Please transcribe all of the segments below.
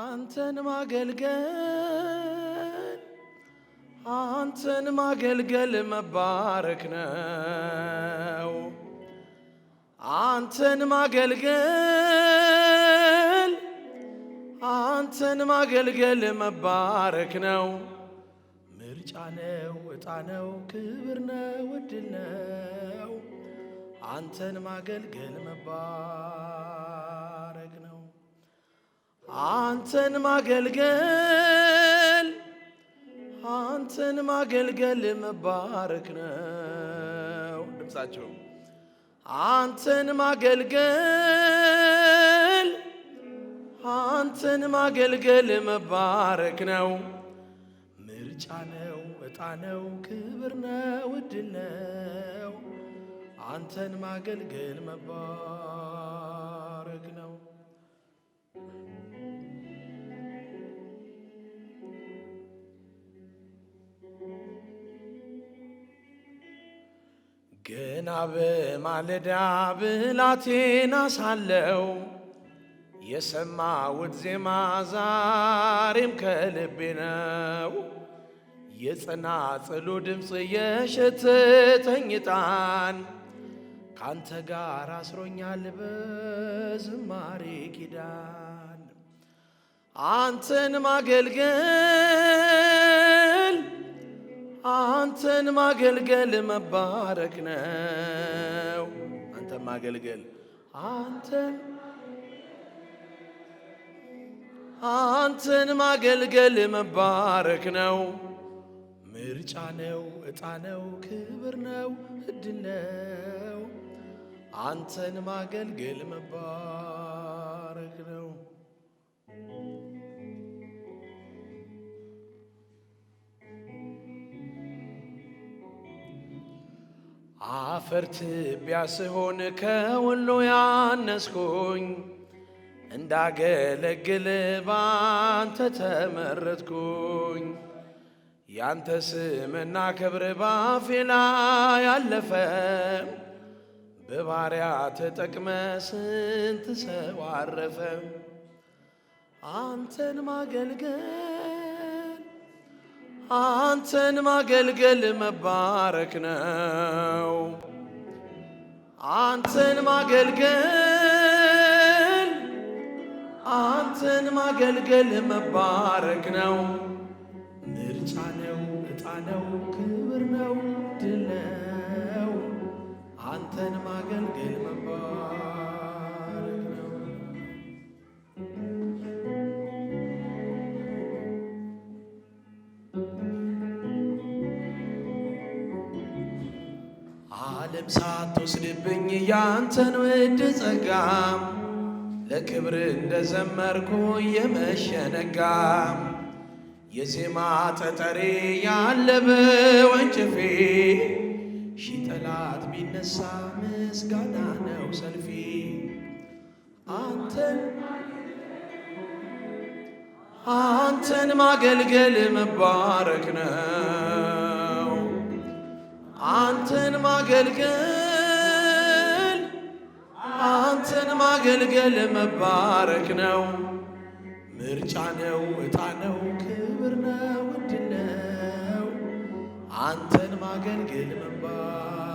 አንተን ማገልገል አንተን ማገልገል መባረክ ነው። አንተን ማገልገል አንተን ማገልገል መባረክ ነው። ምርጫ ነው፣ ዕጣ ነው፣ ክብር ነው፣ እድል ነው። አንተን ማገልገል መባረክ አንተን ማገልገል አንተን ማገልገል መባረክ ነው። ድምፃቸው አንተን ማገልገል አንተን ማገልገል መባረክ ነው። ምርጫ ነው፣ እጣ ነው፣ ክብር ነው፣ እድል ነው። አንተን ማገልገል መባረክ ገና በማለዳ ብላቴና ሳለው የሰማሁት ዜማ ዛሬም ከልቤ ነው። የጸናጽሉ ድምፅ የሸተተኝ ዕጣን ካንተ ጋር አስሮኛል በዝማሬ ኪዳን አንተን ማገልገል አንተን ማገልገል መባረክ ነው። አንተን ማገልገል አንተን አንተን ማገልገል መባረክ ነው። ምርጫ ነው፣ እጣ ነው፣ ክብር ነው፣ እድል ነው። አንተን ማገልገል መባረክ ነው። አፈር ትቢያ ስሆን ከሁሉ ያነስኩኝ እንዳገለግል ባንተ ተመረትኩኝ! ያንተ ስምና ክብር ባፌ ላይ ያለፈ በባሪያ ተጠቅመ ስንት ሰው አረፈ አንተን ማገልገል አንተን ማገልገል መባረክ ነው። አንተን ማገልገል አንተን ማገልገል መባረክ ነው። ምንም ሳትወስድብኝ ያንተን ውድ ጸጋ ለክብር እንደዘመርኩ የመሸነጋ የዜማ ጠጠሬ ያለበ ወንጭፌ ሺ ጠላት ቢነሳ ምስጋና ነው ሰልፊ አንተን አንተን ማገልገል መባረክ ነው። አንተን ማገልገል አንተን ማገልገል መባረክ ነው፣ ምርጫ ነው፣ እጣ ነው፣ ክብር ነው፣ ውድ ነው። አንተን ማገልገል መባረክ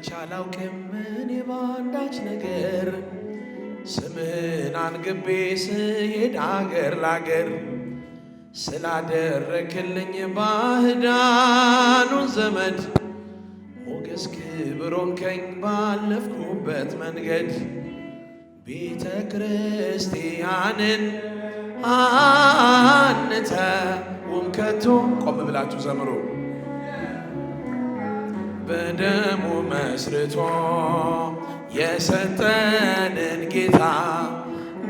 አይቼ አላውቅም እኔ ባንዳች ነገር ስምህን አንግቤ ስሄድ አገር ላገር ስላደረክልኝ ባህዳኑን ዘመድ ሞገስ ክብሮን ከኝ ባለፍኩበት መንገድ ቤተ ክርስቲያንን አንተ ውምከቶ ቆም ብላችሁ ዘምሩ። በደሙ መስርቶ የሰጠንን ጌታ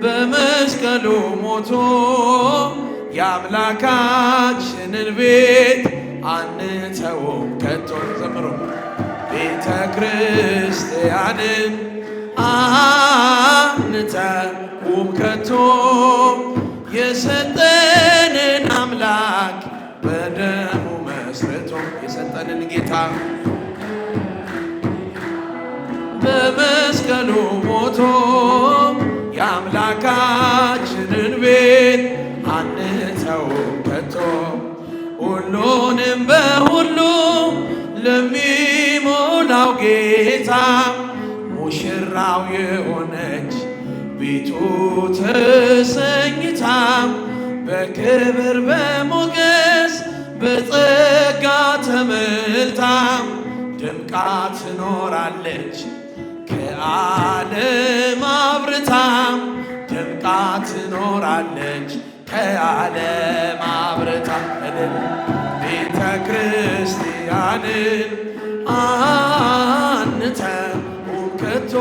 በመስቀሉ ሞቶ የአምላካችንን ቤት አንተውም ከቶ። ዘምሮ ቤተ ክርስቲያንን አንተውም ከቶ የሰጠንን አምላክ በደሙ መስርቶ የሰጠንን ጌታ በመስቀሉ ሞቶ የአምላካችንን ቤት አንተው ከቶ ሁሉንም በሁሉ ለሚሞላው ጌታ ሙሽራው የሆነች ቤቱ ተሰኝታ በክብር በሞገስ በጸጋ ተመልታ ደምቃ ትኖራለች። ዓለም አብርታም ደምቃ ትኖራለች። ከዓለም አብርታም ቤተ ክርስቲያንን አንተን ውከቶ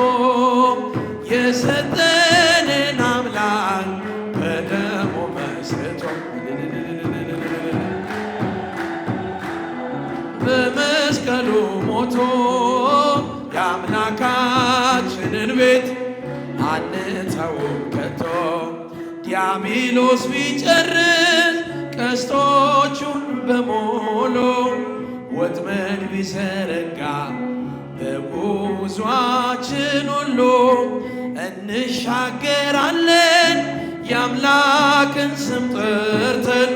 የሰጠ አንጸው ከቶ ዲያብሎስ ቢጨርስ ቀስቶቹን በሞሎ ወጥመድ ቢዘረጋ በጉዟችን ሁሉ እንሻገራለን የአምላክን ስም ጠርተን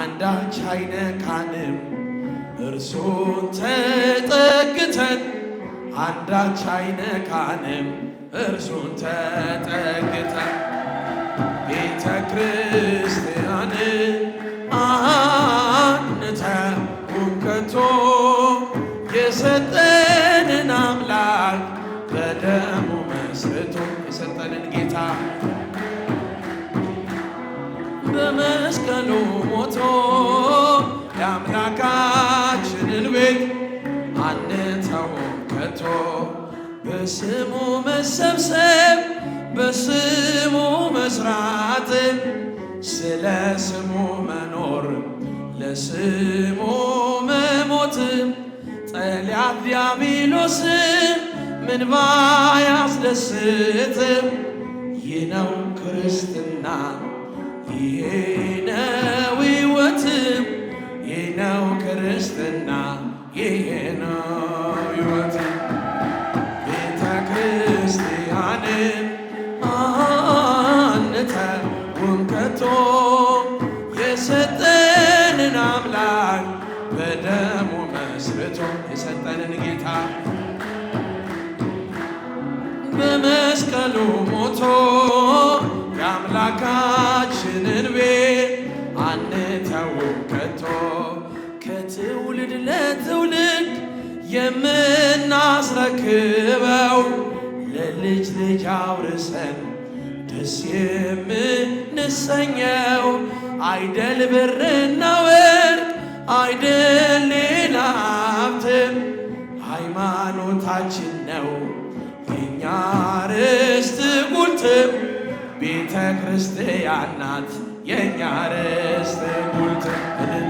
አንዳች አይነካንም እርሱን ተጠግተን አንዳች አይነካንም እርሱን ተጠግታ ቤተ ክርስቲያን አንተ ውከቶ የሰጠንን አምላክ በደሙ መስርቶ የሰጠንን ጌታ በመስቀሉ ሞቶ የአምላካ በስሙ መሰብሰብ በስሙ መስራት ስለ ስሙ መኖር ለስሙ መሞት ጠሊያ ዲያብሎስ ምን ባያስደስት ይህ ነው ክርስትና ይሄ ነው ሕይወት ይህ ነው ክርስትና ይሄ ነው ሕይወት በመስቀሉ ሞቶ የአምላካችንን ቤት አንተውም ከቶ ከትውልድ ለትውልድ የምናስረክበው ለልጅ ልጅ አውርሰን ደስ የምንሰኘው አይደል ብርና ወርቅ አይደል ሌላ ሀብትም ሃይማኖታችን ነው። የኛ ርስት ጉልትም ቤተ ክርስቲያን ናት። የኛ ርስት ጉልትም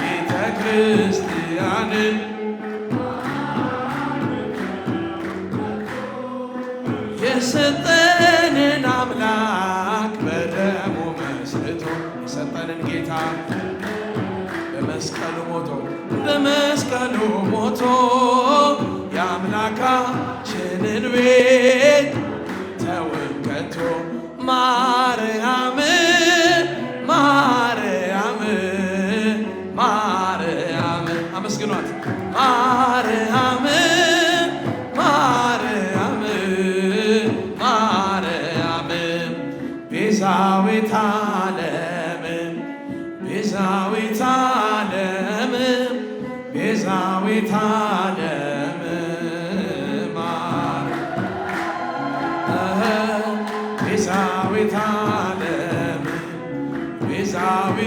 ቤተ ክርስቲያን የሰጠንን አምላክ በደሙ መስርቶ የሰጠንን ጌታ በመስቀሉ ሞቶ በመስቀሉ ሞቶ የአምላካ ቤት ተወከቶ ማርያም ማርያም ማርያም አመስግኗት ማርያም ቤዛዊት ዓለም ቤዛዊ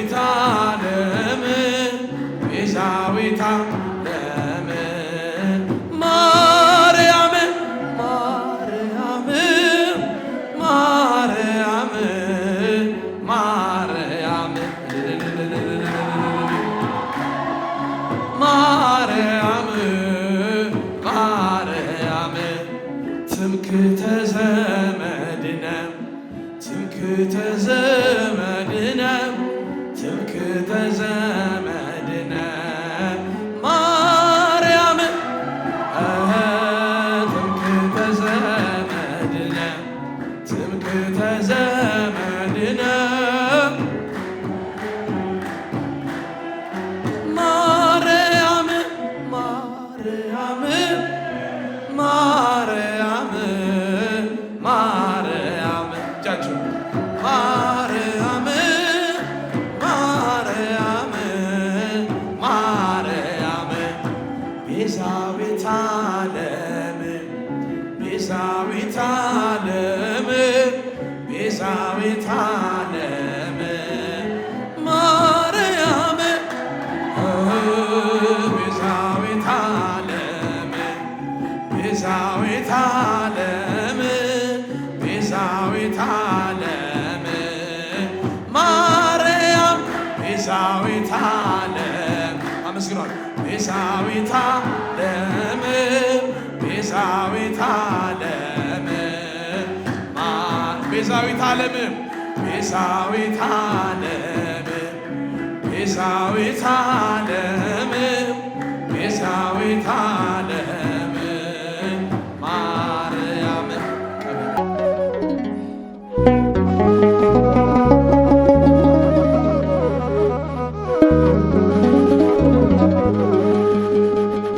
ቤዛዊት ዓለም ቤዛዊት ዓለም ማርያም ቤዛዊት ዓለም አመስግኗል። ቤዛዊት ዓለም ቤዛዊት ዓለም ቤዛዊት ዓለም ቤዛዊት ዓለም ቤዛዊት